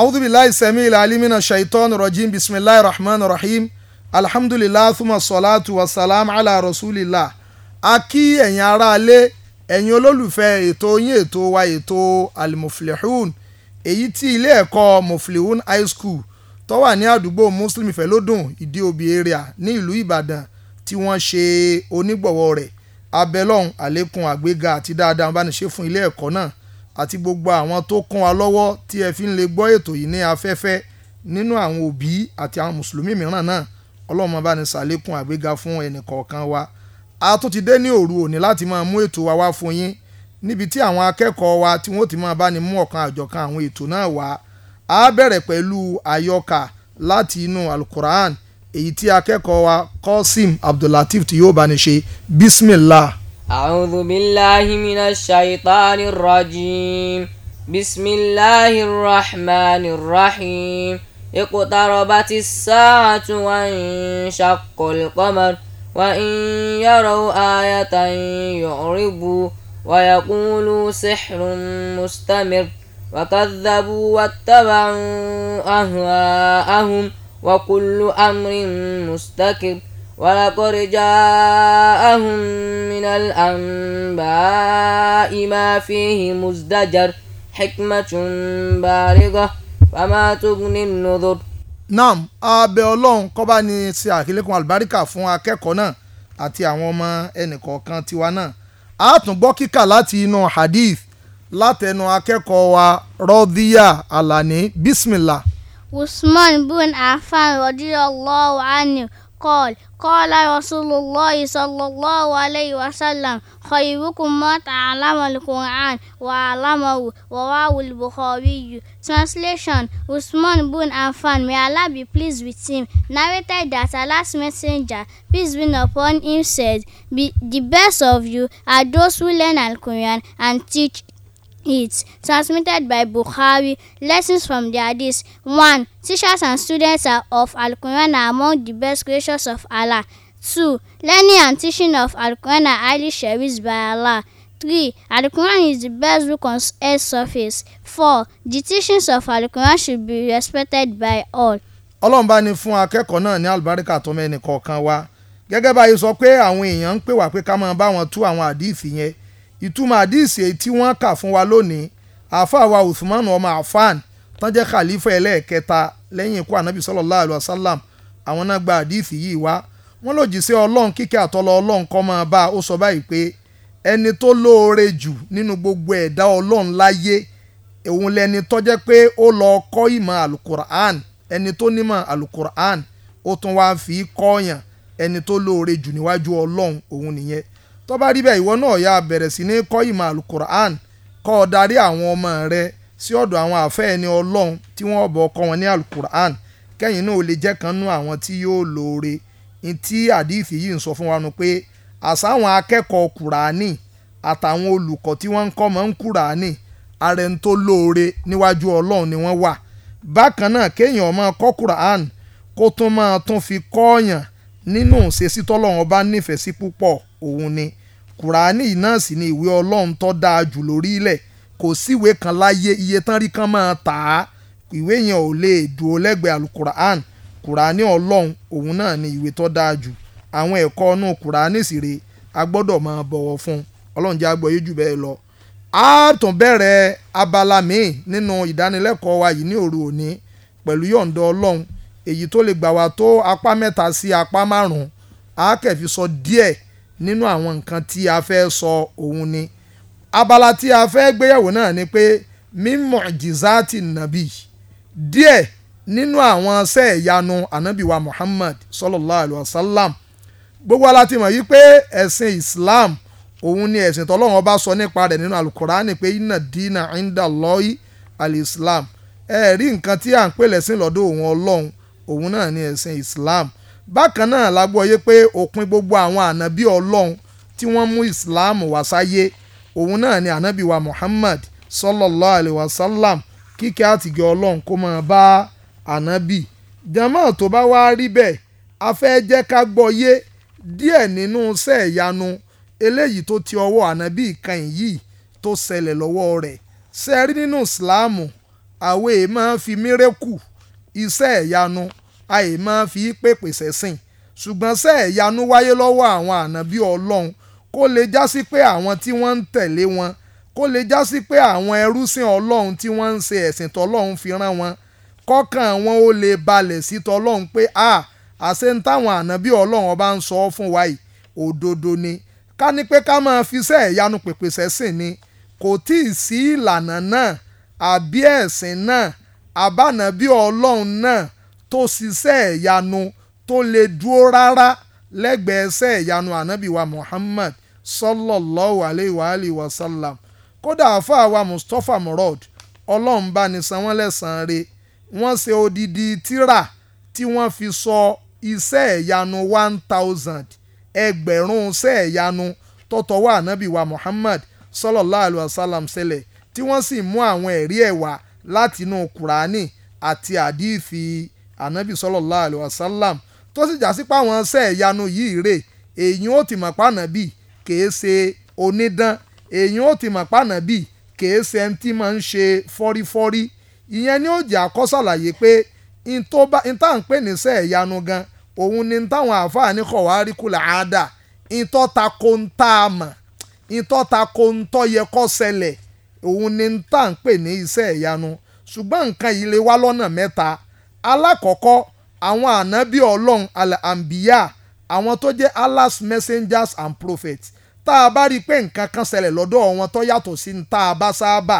awudu bilayi sami ila alimina shaitan rajim bisimilayi rahman rahim alhamdulilayi thumma salatu wa salam ala rasulillah a kí ẹ̀yin aráalé ẹ̀yin olólùfẹ́ ètò yín ètò wa ètò almuflihun èyí tí ilé ẹ̀kọ́ muflihun high school tó wà ní àdúgbò muslim ìfẹ́lódùn ìdí òbí area ní ìlú ìbàdàn tí wọ́n ṣe onígbọ̀wọ́ rẹ̀ abẹ́lọ́hún àlékún àgbéga àti dáadáa bá ní ṣe fún ilé ẹ̀kọ́ náà àti gbogbo àwọn tó kún wa lọ́wọ́ tí ẹ fi ń lè gbọ́ ètò yìí ní afẹ́fẹ́ nínú àwọn òbí àti àwọn mùsùlùmí mìíràn náà ọlọ́run máa bá ní ṣàlékún àgbéga fún ẹnìkọ̀ọ̀kan wa a tún ti dé ní òru òní láti máa mú ètò wa wá fún yín níbi tí àwọn akẹ́kọ̀ọ́ wa tí wọ́n ti máa bá ní mú ọ̀kan àjọ̀kan àwọn ètò náà wá a bẹ̀rẹ̀ pẹ̀lú àyọkà láti inú alukur'an èyí tí akẹ́kọ̀ọ́ wa Qasim Abdulateef tí yóò bá ní ṣe bismillah. أعوذ بالله من الشيطان الرجيم بسم الله الرحمن الرحيم اقتربت الساعة وانشق القمر وإن يروا آية يعرضوا ويقولوا سحر مستمر وكذبوا واتبعوا أهواءهم وكل أمر مستكبر ولقد جاءهم من الأنباء ما فيه مزدجر حكمة بالغة فما تغني النذر naam abẹ Ọlọ́run kọba ni ṣe àkílẹ̀kùn àlùbáríkà fún akẹ́kọ̀ọ́ náà àti àwọn ọmọ ẹnìkọ̀ọ̀kan tiwa náà a tún gbọ́ kíkà láti inú hadith látẹnu akẹ́kọ̀ọ́ wa rọ́díyà alani bismillah. usman bun afan rọdíyà lọ́wọ́ àná قال قال رسول الله صلى الله عليه وسلم خيركم ما تعلم القرآن وعلمه رواه البخاري Translation Usman bin Affan may Allah be pleased with him narrated that Allah's messenger peace be upon him said be the best of you are those who learn Al-Quran and teach It's Transmitted by Bukhari. Lessons from the Hadith. one: Teachers and students of Al-Quran are among the best creatures of Allah. Two: Learning and teaching of Al-Quran are highly cherished by Allah. Three: Al-Quran is the best book on earth's surface. Four: The teachings of Al-Quran should be respected by all. Ọlọ́run bá ní fún akẹ́kọ̀ọ́ náà ní àlùbáríkà tó mẹ́ni kọ̀ọ̀kan wa gẹ́gẹ́ báyìí sọ pé àwọn èèyàn ń pè wá pé ká máa bá wọn tú àwọn àdíìsì yẹn ìtumọ̀ àdìsí èyí tí wọ́n kà fún wa lónìí àáfàá wa Uthman ọmọ afan tán jẹ́ khalifa ẹlẹ́ẹ̀kẹta lẹ́yìn ikú anabi sallallahu alayhi wa sallam àwọn náà gba àdìsí yìí wá wọ́n lòdì sí ọlọ́run kíkẹ́ àtọ́lọ́ ọlọ́run kọ́ máa bá a ó sọ báyìí pé ẹni tó lóore jù nínú gbogbo ẹ̀dá ọlọ́run láyé òun lẹni tó jẹ́ pé ó lọ kọ́ ìmọ̀ alukur'an ẹni tó nímọ̀ alukur'an ó tún wá fi kọ́ọ̀yàn ẹni tó lóore jù níwájú ọlọ́run òun nìyẹn tó bá rí bẹ́ẹ̀ ìwọ náà yà bẹ̀rẹ̀ sí ní kọ́ ìmọ̀ alukur'an kọ́ ọ darí àwọn ọmọ rẹ sí ọ̀dọ̀ àwọn àfẹ́ ẹni ọlọ́run tí wọ́n bọ̀ kọ́ wọn ní alukur'an kẹ́yìn náà ó lè jẹ́ kan nú àwọn tí yóò lóore ní tí àdìfì yìí ń sọ fún wa nu pé àsáwọn akẹ́kọ̀ọ́ kùránì àtàwọn olùkọ́ tí wọ́n ń kọ́ mọ́ ń kùránì ààrẹ ń tó lóore níwájú ọlọ́run ni wọ́n wà bákan náà kéèyàn máa kọ́ kùránì kó tún máa tún fi kọ́ọ̀yàn nínú ṣe sí tọ́lọ́run nífẹ̀ẹ́ sí púpọ̀ òun ni kùránì náà sì ni ìwé ọlọ́run tó dáa jù lórí ilẹ̀ kò síwèé kan láyé iye tán rí kan máa tà á ìwé yẹn ò lè dúró lẹ́gbẹ̀ẹ́ alukùránì kùránì ọlọ́run òun náà ni ìwé tó dáa jù àwọn ẹ̀kọ́ inú kùránì sì rèé a gbọ́dọ̀ máa bọ̀wọ̀ fún ọlọ́run jẹ́ àgbọ̀ yìí jù bẹ́ẹ̀ lọ. a tún bẹ̀rẹ̀ abala míì nínú ìdánilẹ́kọ̀ọ́ wa yìí ní òru òní pẹ̀lú yọ̀ǹda ọlọ́run èyí tó lè gbà wá tó apá mẹ́ta sí apá márùn-ún a kẹ̀fì sọ díẹ̀ nínú àwọn nǹkan tí a fẹ́ sọ òun ni abala tí a fẹ́ gbéyàwó náà ni pé mímọ̀ jìzáàtì nàbì díẹ̀ nínú àwọn ṣẹ́ ìyanu ànábìwa Muhammad sallallahu alayhi wa sallam gbogbo aláti mọ̀ yí ẹ̀sìn Islam òun ni ẹ̀sìn tọ́lọ́run ọba sọ nípa rẹ̀ nínú alukurani pé iná dínà ìndà lọ́ọ́yì alislam ẹ rí nǹkan tí à ń pè lẹ́sìn lọ́dọ̀ òun ọlọ́run òun náà ni ẹ̀sìn Islam bákan náà la gbọ́ yé pé òpin gbogbo àwọn ànábì ọlọ́run tí wọ́n mú islam wá sáyé òun náà ni ànábì wa muhammad sọlọlọ alayhi wa kike kíkẹ́ àtìgẹ́ ọlọ́run kó máa bá ànábì jama tó bá wá rí bẹ́ẹ̀ a fẹ́ jẹ́ ká gbọ́ yé díẹ̀ nínú ti ọwọ́ ànábì kan yìí tó ṣẹlẹ̀ lọ́wọ́ rẹ̀ ṣe rí nínú islam àwẹ̀ máa fi mírẹ́kù iṣẹ́ ìyanu àì máa fi pèpè sẹ̀sìn ṣùgbọ́n ṣe ẹ̀yanu wáyé lọ́wọ́ àwọn ànábì ọlọ́run kó lè jásí pé àwọn tí wọ́n ń tẹ̀lé wọn kó lè jásí pé àwọn ẹrúsìn ọlọ́run tí wọ́n ń ṣe ẹ̀sìn tọ́lọ́run fi rán wọn kọ́kàn wọn ó lè balẹ̀ sí tọ́lọ́run pé a àṣẹ ń táwọn ànábì ọlọ́run ọba ń sọ fún wa yìí òdodo ni ká ní pé ká máa fi ṣe ẹ̀yanu pèpè sẹ́sìn ni kò tí ì sí ìlànà náà àbí ẹ̀sìn náà àbánàbí ọlọ́run náà tó ṣiṣẹ́ ìyanu tó lè dúró rárá lẹ́gbẹ̀ẹ́ iṣẹ́ ìyanu ànábì wa Muhammad sallallahu alayhi wa alayhi wa sallam kódà àfáà wa Mustapha Murad ọlọ́run bá ní san wọ́n lẹ́sàn-án re wọ́n ṣe odidi tírà tí wọ́n fi sọ iṣẹ́ ìyanu one thousand ẹgbẹ̀rún iṣẹ́ ìyanu tọ́tọ́ wà wa Muhammad sallallahu alayhi wa sallam ṣẹlẹ̀ tí wọ́n sì mú àwọn ẹ̀rí ẹ̀ látinú Kùránì àti àdìfì anabi sallallahu alaihi wasallam tó sì já sí páwọn ṣẹ́ ìyanu yìí rè èyí ó ti mọ̀ pànàbì kèé ṣe onídán èyí ó ti mọ̀ pànàbì kèé ṣe ẹni tí máa ń ṣe fọ́rífọ́rí ìyẹn ni ó jẹ́ àkọ́sàlàyé pé ìta ń pè ní ṣẹ́ ìyanu gan òun ni táwọn àáfàá ní kọ̀ wáá rí kùlà ìtọ́ ta ko ń tá a mọ̀ ìtọ́ ta ko ń tọ́ yẹ kó ṣẹlẹ̀ òun ni tá ń pè ní iṣẹ́ ìyanu ṣùgbọ́n nǹkan yìí lè wá lọ́nà mẹ́ta alákọ̀ọ́kọ́ àwọn ànábì ọlọ́run al-ambiya àwọn tó jẹ́ Allah's messengers and prophets tá a bá rí i pé nǹkan kan ṣẹlẹ̀ lọ́dọ̀ wọn tó yàtọ̀ sí ní tá a bá sábà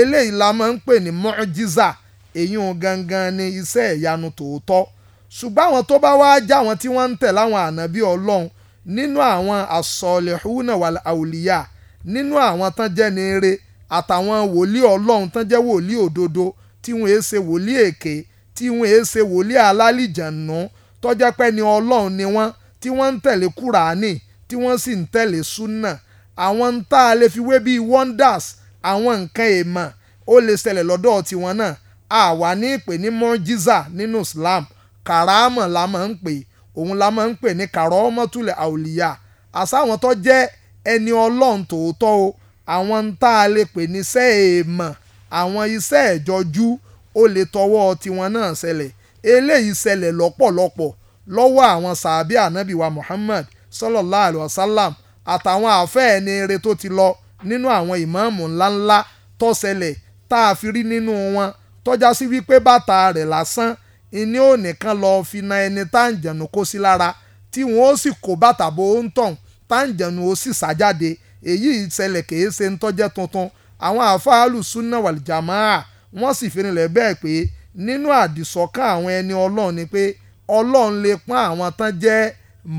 eléyìí la máa ń pè ní mọ́jíza èyí ò gangan ni iṣẹ́ ìyanu tòótọ́ ṣùgbọ́n àwọn tó bá wá já wọn tí wọ́n ń tẹ̀ láwọn ànábì ọlọ́run nínú àwọn asọ̀lẹ̀húnà wal àwòlíyà nínú àwọn tán jẹ́ ní eré àtàwọn wòlíì ọlọ́run tán jẹ́ wòlíì òdodo tí wọ́n e ṣe wòlíì èké tí wọ́n èé ṣe wòlíì alálìjànú tọ́jẹ́ pé ni ọlọ́run ni wọ́n tí wọ́n ń tẹ̀lé kúránì tí wọ́n sì ń tẹ̀lé súnà àwọn ń tá a lè fi wé bíi wonders àwọn nǹkan èèmọ̀ ó lè ṣẹlẹ̀ lọ́dọ̀ tiwọn náà àwa ní ìpè ní mọ́jísà nínú Islam kàràmọ̀ la máa ń pè òun la máa ń pè ní kàrọ́mọ́tulẹ̀ àwòlíyà àsáwọn tó jẹ́ ẹni ọlọ́run tòótọ́ o àwọn ń tá a lè pè ní iṣẹ́ àwọn iṣẹ́ ìjọjú ó lè tọwọ́ tiwọn náà ṣẹlẹ̀ eléyìí ṣẹlẹ̀ lọ́pọ̀lọpọ̀ lọ́wọ́ àwọn sàábí ànábì wa Muhammad sallallahu alayhi wa sallam àtàwọn àfẹ́ẹ̀ni eré tó ti lọ nínú àwọn ìmáàmù ńláńlá tó ṣẹlẹ̀ tá a fi rí nínú wọn tọ́já sí wípé bàtà rẹ̀ lásán ìní ò nìkan lọ fi na ẹni táǹjẹ̀nù kó sí lára tí wọ́n ó sì kó bàtà bó ń tàn táǹjẹ̀nù ó sì sá èyí ìṣẹ̀lẹ̀ kìí ń tọ́jẹ́ tuntun àwọn àfáàlù sunna wàlìjàmáà wọ́n sì fi rinlẹ̀ bẹ́ẹ̀ pé nínú àdìsọ́kàn àwọn ẹni ọlọ́run ni pé ọlọ́run lè pọ́n àwọn tán jẹ́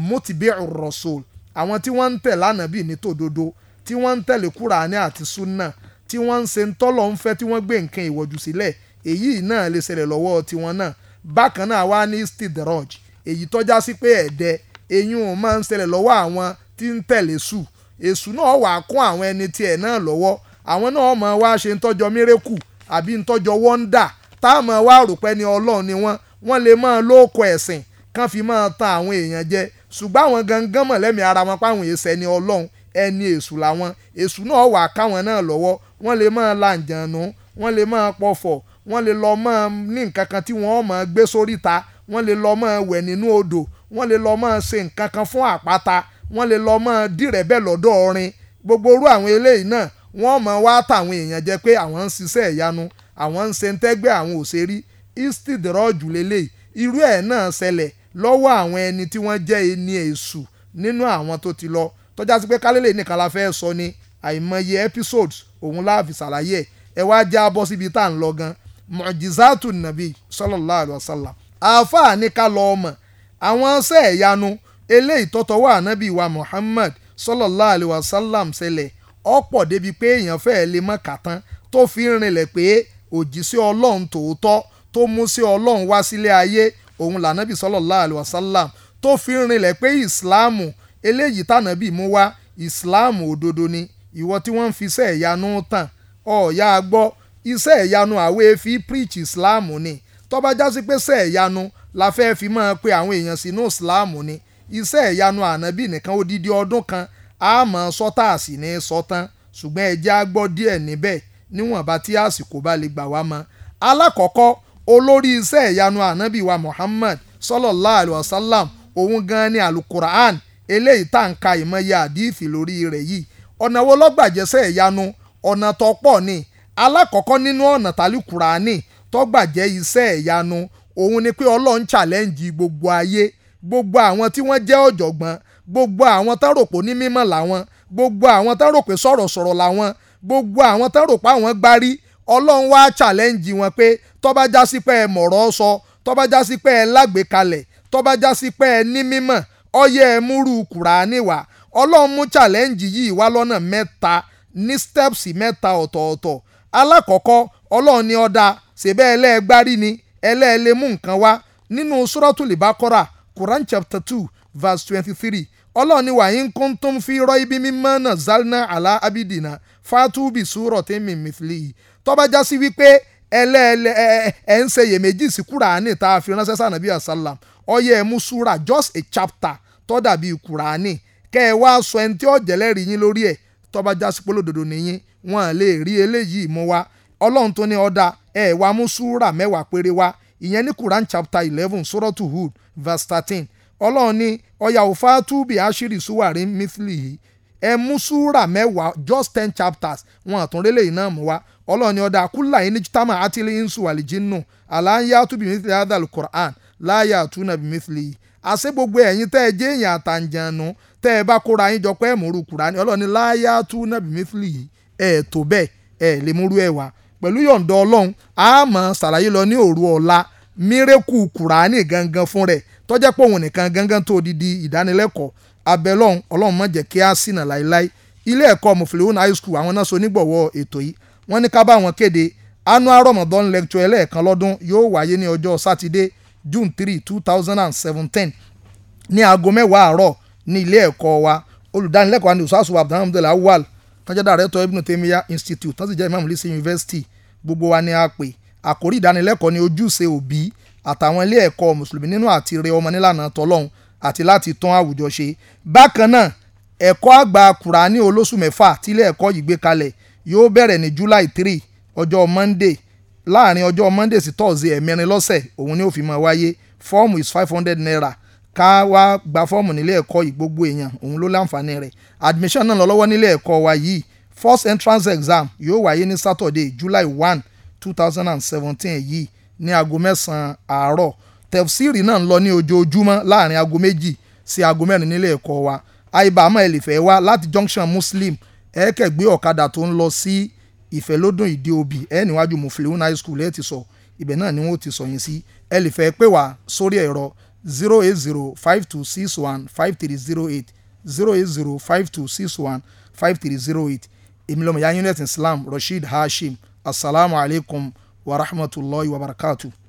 mutibi rasul àwọn tí wọ́n ń tẹ̀ lánàbì ní tòdodo tí wọ́n ń tẹ̀lé kúránì àti súnà tí wọ́n ń ṣe ń tọ́lọ̀ ń fẹ́ tí wọ́n gbé nǹkan ìwọ̀jù sílẹ̀ èyí náà lè ṣẹlẹ̀ lọ́wọ́ tiwọn náà bákan náà wá ní stidraj èyí tọ́já sí pé ẹ̀dẹ eyín òun máa ń ṣẹlẹ̀ lọ́wọ́ àwọn tí ń tẹ̀lé sù èṣù náà wà kún àwọn ẹni tiẹ̀ náà lọ́wọ́ àwọn náà máa wá ṣe ń tọ́jọ mírèkù àbí ntọ́jọ wọ́ndà táàmù wa rò pé ni ọlọ́run ni wọ́n wọ́n lè máa lóko ẹ̀sìn kán fi máa tan àwọn èèyàn jẹ ṣùgbọ́n àwọn gangan mọ̀lẹ́mí ara wọn páwọn èsẹ̀ ni ọlọ́run ẹni èṣù làwọn èṣù náà wà káwọn náà lọ́wọ́ wọ́n lè máa la ǹjànú wọ́n lè máa pọ̀fọ̀ wọ́n lè lọ máa ní nǹkan kan tí wọ́n máa gbé sórí ta wọ́n lè lọ máa wẹ̀ nínú odò wọ́n lè lọ máa ṣe nǹkan kan fún àpáta wọ́n lè lọ máa dìrẹ̀ bẹ́ẹ̀ lọ́dọ̀ ọrin gbogbo orú àwọn eléyìí náà wọ́n mọ̀ wá táwọn èèyàn jẹ́ pé àwọn ń ṣiṣẹ́ ìyanu àwọn ń ṣe ń tẹ́gbẹ́ àwọn òṣèré istidrọ́jù lélẹ̀ irú ẹ̀ náà ṣẹlẹ̀ lọ́wọ́ àwọn ẹni tí wọ́n jẹ́ ẹni èṣù nínú àwọn tó ti lọ tọ́já sí pé kálẹ́lẹ̀ nìkan la fẹ́ sọ ni àìmọye episodes òun láàfin ṣàlàyé ẹ̀ ẹ wá já bọ́ síbi tá à ń lọ gan mọ̀jìzátù nàbí sallallahu alaihi wasallam àáfàá ní ká lọ ọmọ àwọn ṣẹ́ ìyanu eléyìí tọ́tọ́ wa Muhammad sallallahu alaihi wasallam ṣẹlẹ̀ ọ̀pọ̀ débi pé èèyàn fẹ́ẹ́ lè mọ̀ kàtán tó fi ń rinlẹ̀ pé òjíṣẹ́ ọlọ́run tòótọ́ tó mú sí ọlọ́run wá sílé ayé òun lànàbì sallallahu alaihi wasallam tó fi ń rinlẹ̀ pé ìsìláàmù eléyìí tànàbì mú wá ìsìláàmù òdodo ni ìwọ tí wọ́n ń fi iṣẹ́ ìyanu tàn ọ̀ọ́yá gbọ́ iṣẹ́ ìyanu àwọ̀ efi preach ìsìláàmù ni tọ́ba jásí pé iṣẹ́ ìyanu la fẹ́ fi máa pe àwọn èèyàn sínú ìsìláàmù ni iṣẹ́ ìyanu ànàbì nìkan odidi ọdún kan a mọ̀ sọ́tà àsì ní sọ́tán ṣùgbọ́n ẹjẹ á gbọ́ díẹ̀ níbẹ̀ níwọ̀nba tí àsìkò bá lè gbà wá mọ́. alákọ̀ọ́kọ́ olórí iṣẹ́ ìyanu ànábì wa Muhammad sallallahu alayhi wa sallam òun gan ni alukur'an eléyìí tá à ń ka ìmọ̀ye àdìfì lórí rẹ̀ yìí ọ̀nà wo lọ́gbàjẹsẹ̀ ìyanu ọ̀nà tó pọ̀ ni alákọ̀ọ́kọ́ nínú ọ̀nà tálíkùránì tọ́gbàjẹ́ iṣẹ́ ìyanu òun ni pé ọlọ́run challenge gbogbo ayé gbogbo àwọn tí wọ́n jẹ́ ọ̀jọ̀gbọ́n gbogbo àwọn tán rò pé ní mímọ̀ làwọn gbogbo àwọn tán rò pé sọ̀rọ̀ sọ̀rọ̀ làwọn gbogbo àwọn tán rò pé àwọn gbárí ọlọ́run wá challenge wọn pé tọ́ba já sí pé ẹ mọ̀rọ̀ sọ tọ́ba já sí pé ẹ lágbèkalẹ̀ tọ́ba já sí pé ẹ ní mímọ̀ ọyẹ ẹ múrú kùránì wá ọlọ́run mú challenge yìí wá lọ́nà mẹ́ta ní steps mẹ́ta ọ̀tọ̀ọ̀tọ̀ alákọ̀ọ́kọ́ ọlọ́run ni ọ̀dà ṣèbẹ́ ẹlẹ́ẹ̀gbárí ni ẹlẹ́ẹ̀lẹ́mú nǹkan wá nínú suratul Baqara Quran chapter two verse twenty-three ọlọ́run ni wàá ń kún tó ń fi rọ́ ibi mímọ́ náà zalna ala abidina fatubi sùúrọ̀ tẹ́mi mìfìlì tọ́ba já sí wípé ẹlẹ́ẹ̀lẹ́ ẹ̀ ń ṣe iyèméjì sí kúránì tá a fi ránṣẹ́ sànàbí àsálàm ọyẹ ẹ̀ mú súra just a chapter tó dàbí kúránì kẹ́ ẹ wá sọ ẹni tí ó jẹ́lẹ́rìí yín lórí ẹ̀ tọ́ba já sí polódodo nìyín wọn lè rí eléyìí mú wa ọlọ́run tó ní ọ̀dà ẹ̀ wá mú súra mẹ́wàá péré wa ìyẹn ní kúrán chapter eleven sórọ́tù Hud verse thirteen ọlọ́run ní ọ̀yà òfa túbì àṣírí suwari mithili yìí ẹ mú súrà mẹ́wàá just ten chapters wọn àtúnrẹ́lẹ̀ yìí náà mú wa ọlọ́run ní ọ̀dà kúlà yìí ní jítàmà àtìlẹ̀ ìnsù àlìjínú àlàyé túbì mithili adal Qur'an láyé àtúnà mithili yìí àṣẹ gbogbo ẹ̀yin tẹ́ ẹ jẹ́ èèyàn àtàǹjànù tẹ́ ẹ bá kóra yín jọ pé ẹ̀mọ́rú Qur'an ọlọ́run ní láyé àtúnà mithili yìí ẹ̀ tó bẹ́ẹ̀ ẹ̀ lè múrú ẹ̀ wá pẹ̀lú yọ̀ǹda ọlọ́run a máa lọ ní òru ọ̀la mírèkù Kùránì gangan fún rẹ̀ tọ́jẹ́ pé òun nìkan gangan tó odidi ìdánilẹ́kọ̀ọ́ abẹ́lọ́hún ọlọ́run má jẹ́ kí á ṣìnà láéláé ilé ẹ̀kọ́ mufiliun high school àwọn náà so nígbọ̀wọ́ ètò yìí wọ́n ní ká bá wọn kéde annual ramadan lecture ẹlẹ́ẹ̀kan lọ́dún yóò wáyé ní ọjọ́ sátidé june three two thousand and seventeen ní aago mẹ́wàá àárọ̀ ní ilé ẹ̀kọ́ wa olùdánilẹ́kọ̀ọ́ àni usasu abdulhamdulillah awal tọ́jà dàrẹ́tọ̀ ibn taymiya institute tọ́sí jẹ́ imam university gbogbo wa ni a ni ojúṣe òbí àtàwọn ilé ẹ̀kọ́ mùsùlùmí nínú àti rẹ ọmọ nílànà tọlọ́hun àti láti tán àwùjọ ṣe bákan náà ẹ̀kọ́ àgbà kùránì olóṣù mẹ́fà tílé ẹ̀kọ́ yìí gbé kalẹ̀ yóò bẹ̀rẹ̀ ní July three ọjọ́ Monday láàrin ọjọ́ Monday sí Thursday ẹ̀mẹrin lọ́sẹ̀ òun ni ó fi máa wáyé fọ́ọ̀mù is five hundred naira ká wá gba fọ́ọ̀mù nílé ẹ̀kọ́ yìí gbogbo èèyàn òun ló láǹfààní rẹ̀ admission náà lọ lọ́wọ́ nílé ẹ̀kọ́ wa yìí first entrance exam yóò wáyé ní Saturday July one two thousand and seventeen yìí ní aago mẹ́sàn-án àárọ̀ tẹ̀síìrì náà ń lọ ní ojoojúmọ́ láàrin aago méjì sí aago mẹ́rin nílé ẹ̀kọ́ wa àìbámọ́ ẹ lè láti junction muslim ẹ̀ẹ́kẹ̀ gbé ọ̀kadà tó ń lọ sí ìfẹ́lódùn ìdí obì ẹ̀ níwájú mufilihun high school ẹ̀ ti sọ ibẹ̀ náà ni wọ́n ti sọ yín sí ẹ lè fẹ́ sórí ẹ̀rọ zero eight zero five two six one five three zero eight zero eight zero five two six one five three zero eight èmi lọ́mọ yá unit islam rasheed hashim asalaamualeykum. As ورحمة الله وبركاته